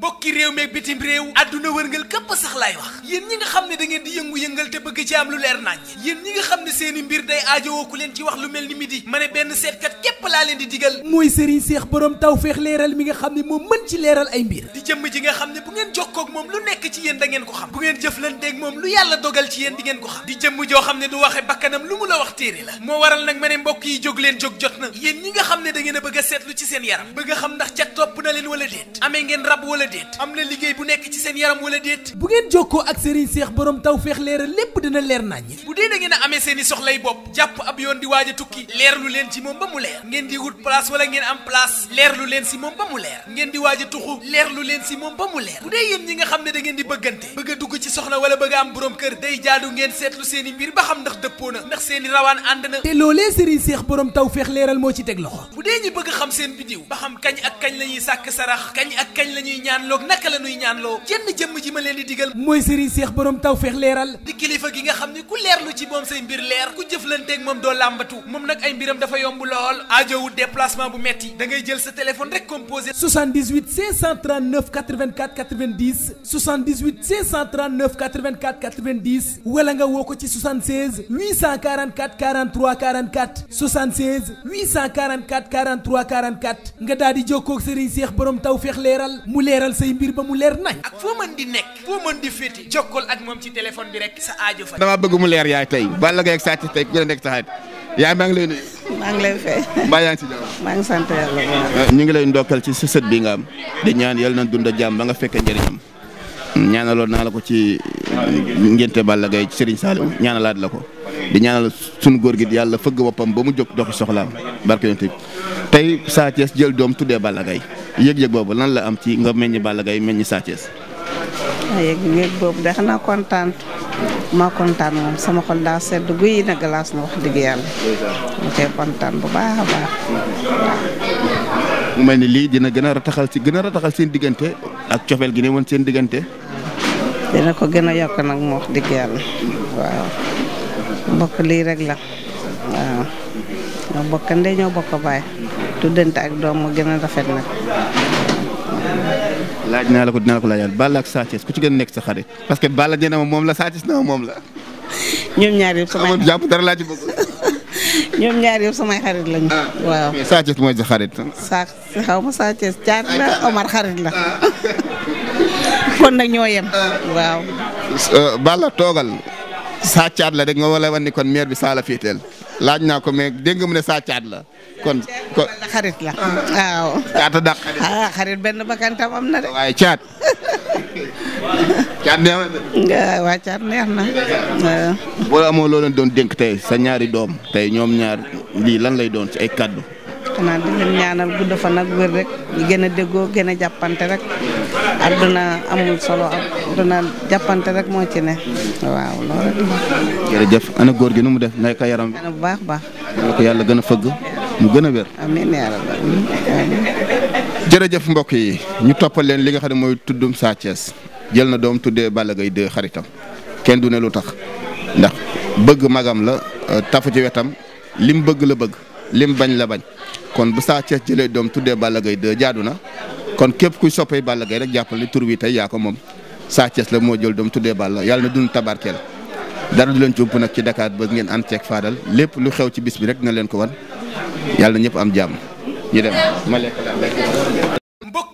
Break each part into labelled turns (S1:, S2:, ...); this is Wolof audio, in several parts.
S1: mbokki réew meeg bitim réew adduna wërngal këpp sax laay wax yéen ñi nga xam ne da ngeen di yëngu-yëngal te bëgg ci am lu leer nañ yéen ñi nga xam ne seeni mbir day aajowoo ku leen ci wax lu mel ni midi ma ne benn seetkat képp laa leen di digal mooy sëriñ seex borom tawfeex leeral mi nga xam ne moom mën ci leeral ay mbir di jëmm ji nga xam ne bu ngeen jokkoo ak moom lu nekk ci yéen da ko xam bu ngeen jëflanteeg moom lu yàlla dogal ci yéen di ngeen ko xam di jëmm joo xam ne du waxe bakkanam lu mu la wax téere la moo waral nag ma ne mbokk yi jóg leen jóg jot na yéen ñi nga xam ne da ngeen a bëgg a seetlu ci seen yaram bëgg a xam ndax ca topp na leen wala déet ame ngeen rab wala déet am na liggéey bu nekk ci seen yaram wala déet bu ngeen jokkoo ak sëriñ seex borom tawfeex leeral lépp dina leer nañ bu dee da ngeen a amee seen i soxlay bopp jàpp ab yoon di waaj a tukki leerlu leen ci moom ngeen di wut place wala ngeen am place leerlu leen si moom leen si moom ba mu leer bu dee nga xam ne da ngeen di bëggante bëgg a dugg ci soxna wala bëgg a am borom kër day jaadu ngeen seen i mbir ba xam ndax dëppoo na ndax seen i rawaan ànd na te loolee sëriñ seex borom taw feex leeral moo ci teg loxo bu dee ñi bëgg xam seen bidiw ba xam kañ ak kañ la ñuy sàkk sarax kañ ak kañ la ñuy ñaanloog naka la ñuy ñaanloo jenn jëmm ji ma leen di digal mooy sëriñ seex borom taw feex leeral di kilifa gi nga xam ne ku leerlu ci moom say mbir leer ku jëflanteeg moom doo làmbatu moom nag ay mbiram dafa yomb lool aajowul déplacement bu metti da ngay jël sa téléphone rek composé. 78 539 84 90 78 539 84 90 wala nga woo ko ci 76 844 43 44 76 844 43 44 nga daal di jokkoo ak Serigne boroom taw feex leeral mu leeral say mbir ba mu leer nañ. ak foo mën di nekk foo mën di féete jokkool ak moom ci téléphone bi rek sa aajo fa. damaa
S2: bëgg mu leer yaay tey Balla a nekk maa ngi lay nuyu. maa ngi lay fay. mbaa yaa ngi ci jàmm. maa ngi sant ñu ngi lay ndokkal ci sësët bii nga am di ñaan yal na dund jàmm ba nga fekke njëriñam ñaanaloon naa la ko ci uh, ngénte Balla Gaye Serigne Saliou ñaanalaat la ko di ñaanal sunu góor gi yàlla fëgg boppam ba mu jóg doxi soxlaam barke yonte bi tey Sa jël doom tuddee Balla gay yëg-yëg boobu nan la am ci nga meññ Balla gay meññ Sa
S3: yëg-yëg boobu dex na kontaan ma kontaan moom sama xol daa sedd guy na glace na wax dëgg yàlla. mu kontaan bu baax a
S1: baax
S2: mu mel ni lii dina gën a rataxal ci gën a rataxal seen diggante ak cofeel gi ne woon seen diggante. dina ko gën a yokk nag mu wax dëgg yàlla
S3: waaw mbokk lii rek la waaw ñoo bokk ndey ñoo bokk baay tuddante ak doom mu gën a rafet nag.
S2: laaj naa la ko dinaa la ko laajaat Balla ak Sa ku ci gën a nekk sa xarit parce que Balla nee na moom la Sa na ma moom la. ñoom ñaar yëpp samay xarit jàpp
S3: ñoom ñaar yëpp samay xarit lañu. Ah.
S2: waaw mooy sa xarit.
S3: sa xaw ma Sa Thiès caat la Omar xarit la. Ah. kon nag ñoo yem.
S2: Ah. waaw. Euh, Balla toogal. Sa Thiès la rek nga wala wan kon maire bi saa la féeteel. laaj naa ko mais dégg nga mu ne saa caat la kon. kon xarit la ah. waaw. caat a ah, xarit benn bakkantam am na de. waaye caat. caat neex na.
S3: waaw caat neex na.
S2: boo amoo loo doon dénk tey sa ñaari doom tey ñoom ñaar lii lan lay doon ci ay kàddu.
S3: xanaa di leen ñaanal gudd fan ak wér rek gën a déggoo gën a jàppante rek. àdduna amul solo àdduna jàppante rek moo ci ne waaw loolu rek.
S2: jërëjëf ana góor gi nu mu def ngay ko yaram bi. bu baax baax. yàlla ko yàlla gën a fëgg mu gën a wér. amiin jërëjëf mbokk yi ñu toppal leen li nga xam ne mooy tuddum Sa Thiès jël na doom tuddee Balla gay 2 xaritam kenn du ne lu tax ndax bëgg magam la euh, tafu ci wetam lim bëgg la bëgg lim bañ la bañ kon bu Sa Thiès jëlee doom tuddee Balla gay 2 jaadu na. kon képp kuy soppee Balla gay rek jàppal ni tur wi tey yaa ko moom Sa Thiès la moo jël doom tuddee Balla yàlla na dund tabarkeel dara du leen ci nag ci dakaat ba ngeen ànd ceeg faadal lépp lu xew ci bis bi rek na leen ko wan yàlla na ñëpp am jàmm ñu dem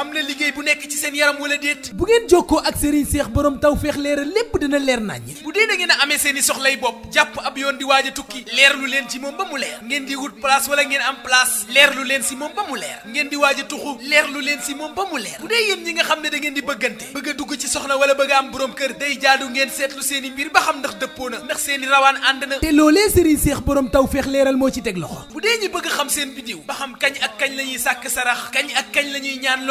S1: am na liggéey bu nekk ci seen yaram wala déet bu ngeen jokkoo ak Serigne Cheikh borom taw feex leeral lépp dina leer naññ bu dee da ngeen a amee seen i soxlay bopp jàpp ab tukki leerlu leen ci moom ba ngeen di wut place wala ngeen am place leerlu leen si moom ba mu leer ngeen di waaj a tuxu leerlu leen si moom ba mu leer bu ñi nga xam ne da ngeen di bëggante bëgg dugg ci soxna wala am borom kër day jaadu ngeen seetlu seen i ba xam ndax dëppoo na ndax seen rawaan ànd na te loolee Serigne Cheikh taw feex leeral moo ci teg loxo bu dee ñi bëgg xam seen bidiw ba xam kañ ak kañ la ñuy sàkk sarax kañ ak kañ la ñuy ñaan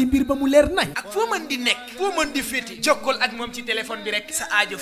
S1: say mbir ba mu leer nañ ak foo man di nekk foo man di féete jokkool ak moom ci téléphone bi rek sa aajo fa